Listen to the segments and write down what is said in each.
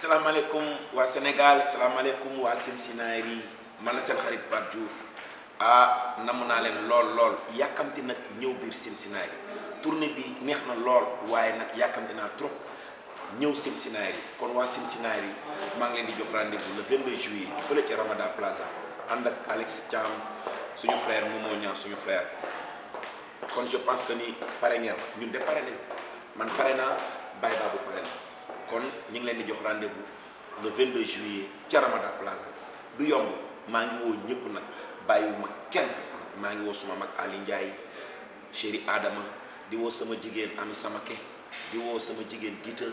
salaamaaleykum waa Sénégal salaamaaleykum waa Cincinnati man la seen xarit Pape Diouf a ah, namm naa leen lool lool yàkkamti nag ñëw biir Cincinnati tournée bi neex na lool waaye nag yàkkamti naa trop ñëw yi kon waa yi maa ngi leen di jox rendez-vous le 22 juillet fële ci Ramada Plaza ànd ak Alex Thiam suñu frère Momo Niang suñu frère kon je pense que ni pare ngeen ñun de pare nañ man pare naa Baye Babou pare na kon ñu ngi leen di jox rendez-vous le 22 juillet ca Ramada Plaza du yomb maa ngi woo ñëpp nag bàyyiwuma kenn maa ngi woo suma mag Ali Ndiaye chéri Adama di woo sama jigéen Ami Samake di woo sama jigéen Gita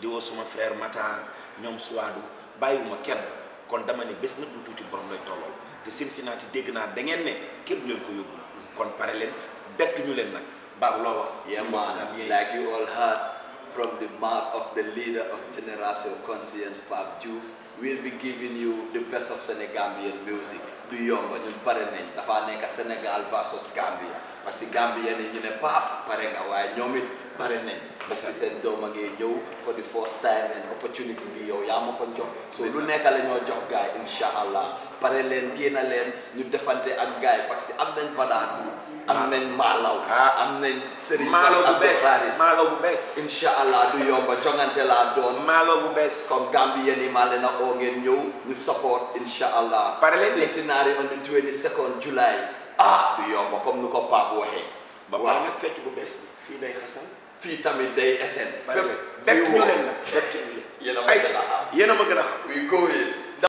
di woo suma frère Matar ñoom Suwaadu bàyyiwuma kenn kon dama ne bés nag lu tuuti borom lay tollool te Cincinnati dégg naa dangeen ne kenn leen ko yóbbu kon pare leen bett ñu leen nag baabu loo wax yeah man like you all heard from the mouth of the leader of Generation Conscience, Pape Diouf. We'll be giving you the best of Senegambian music. du yomba ñun pare nañ dafaa nekk Sénégal versus Gambia parce que Gambien yi ñu ne paap pare nga waaye ñoom it pare nañ parce que seen doom a ngi ñëw for the first time and opportunity bi yow yaa ma ko jox so lu nekk la ñoo jox gaay insha allah pare leen génn leen ñu defante ak gars yi que am nañ banaadu ah. ah. am nañ maalaw am nañ sëriñ maalaw bu bees maalaw bu bees incha allah du yomba jongante laa doon maalaw bu bees comme Gambien yi maa leen a oo ngeen ñëw ñu support incha allah pare leen Cincinnati on the twenty July ah du yomba comme nu ko Pape waxee ba pare nag fecc bu bees bi fii day xasan fii tamit day esen fépp bett ñu leen nag bett ñu leen yéen a ma gën a xam